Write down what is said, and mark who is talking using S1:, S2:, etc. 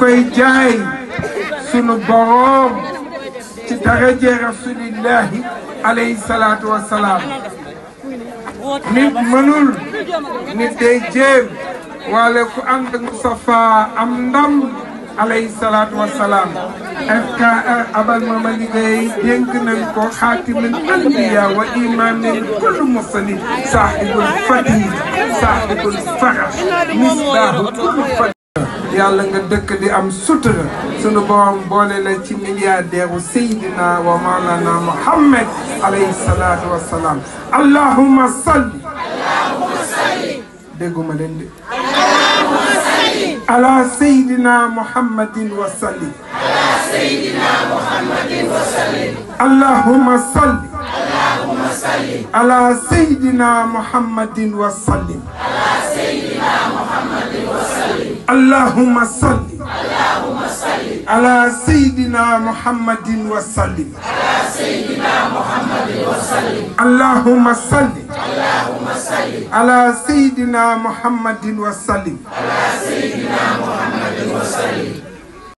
S1: koy jaay sunu boroom ci daraja rasulillahi alayhi salaatu wa salaam nit mënul nit day jéem waale ku ànd ak Moustapha am ndam wa salaam FKR abal ma ma liggéey dénk nañ ko xaatimul anbiya wa imaamin kulli mursalin yàlla nga dëkk di am sutura sunu borom boole la ci milliardaire u Seydina wa Mawlana Muhammad alayhi salaatu wa salaam allahumma salli dégguma leen de ala Seydina Muhammadin wa salli allahumma salli ala Seydina Muhammadin wa sallim allahumma salli allahumma salli ala sayyidina muhammadin wa sallim ala sayyidina muhammadin wa sallim allahumma salli allahumma salli ala sayyidina muhammadin wa sallim ala sayyidina muhammadin